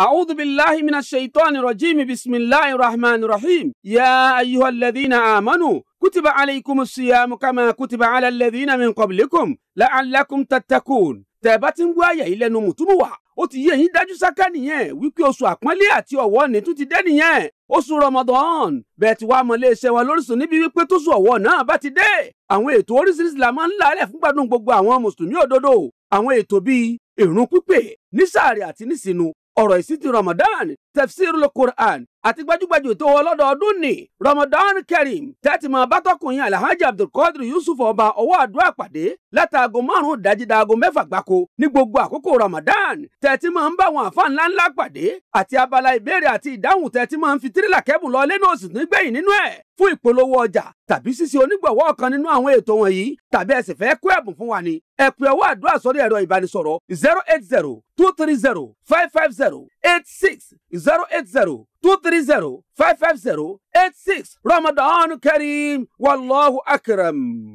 أعوذ بالله من الشيطان الرجيم بسم الله الرحمن الرحيم يا أيها الذين آمنوا كتب عليكم الصيام كما كتب على الذين من قبلكم لعلكم تتقون tẹ̀bá ti ń gbọ́ àyà yìí lẹ́nu mùtúmù wá ó ti yé yín dájú sáká nìyẹn wípé oṣù àpọ́nlé àti ọ̀wọ̀ ní tún ti dé nìyẹn oṣù Ramadan bẹ́ẹ̀ ti wá mọ iléeṣẹ́ wa lóríṣun níbi wípé tóṣù ọ̀wọ̀ náà bá ti dé àwọn ètò oríṣiríṣi la máa ń lálẹ̀ fún gbádùn gbogbo àwọn mùsùlùmí òdodo àwọn ètò bíi ìrun pípè nísàárẹ̀ àti nísìnu ọ̀rọ̀ ìsítí ramadan tafsirul quran àti gbajúgbajù tó ọlọ́dọọdún ní Ramadan Kareem tẹ́tí mọ́ bátọ́kùnrin Alhaji Abdulkadir Yusuf ọba ọwọ́ àdúrà pàdé látàgò márùn-ún dájí dáago mẹ́fà gbáko ní gbogbo àkókò Ramadan tẹ́tí mọ́ ń bá àwọn àfa ńlá ńlá pàdé àti abala ìbéèrè àti ìdáhùn tẹ́tí mọ́ ń fi tírélà kẹ́bùn lọ lẹ́nu òsì nígbẹ̀yìn nínú ẹ̀ fún ìpolówó ọjà tàbí ṣíṣe onígbọ̀wọ́ kan nínú àwọn ètò wọ̀nyí tàbí ẹ fẹ́ kó ẹ̀bùn fún wa ni ẹ pè ọwọ́ àdúrà sórí ẹ̀rọ ìbánisọ̀rọ̀ zero eight zero two three zero five five zero eight six zero eight zero two three zero five five zero eight six Ramadan Kareem wallahu akram.